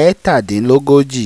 ẹ́tàdínlógójì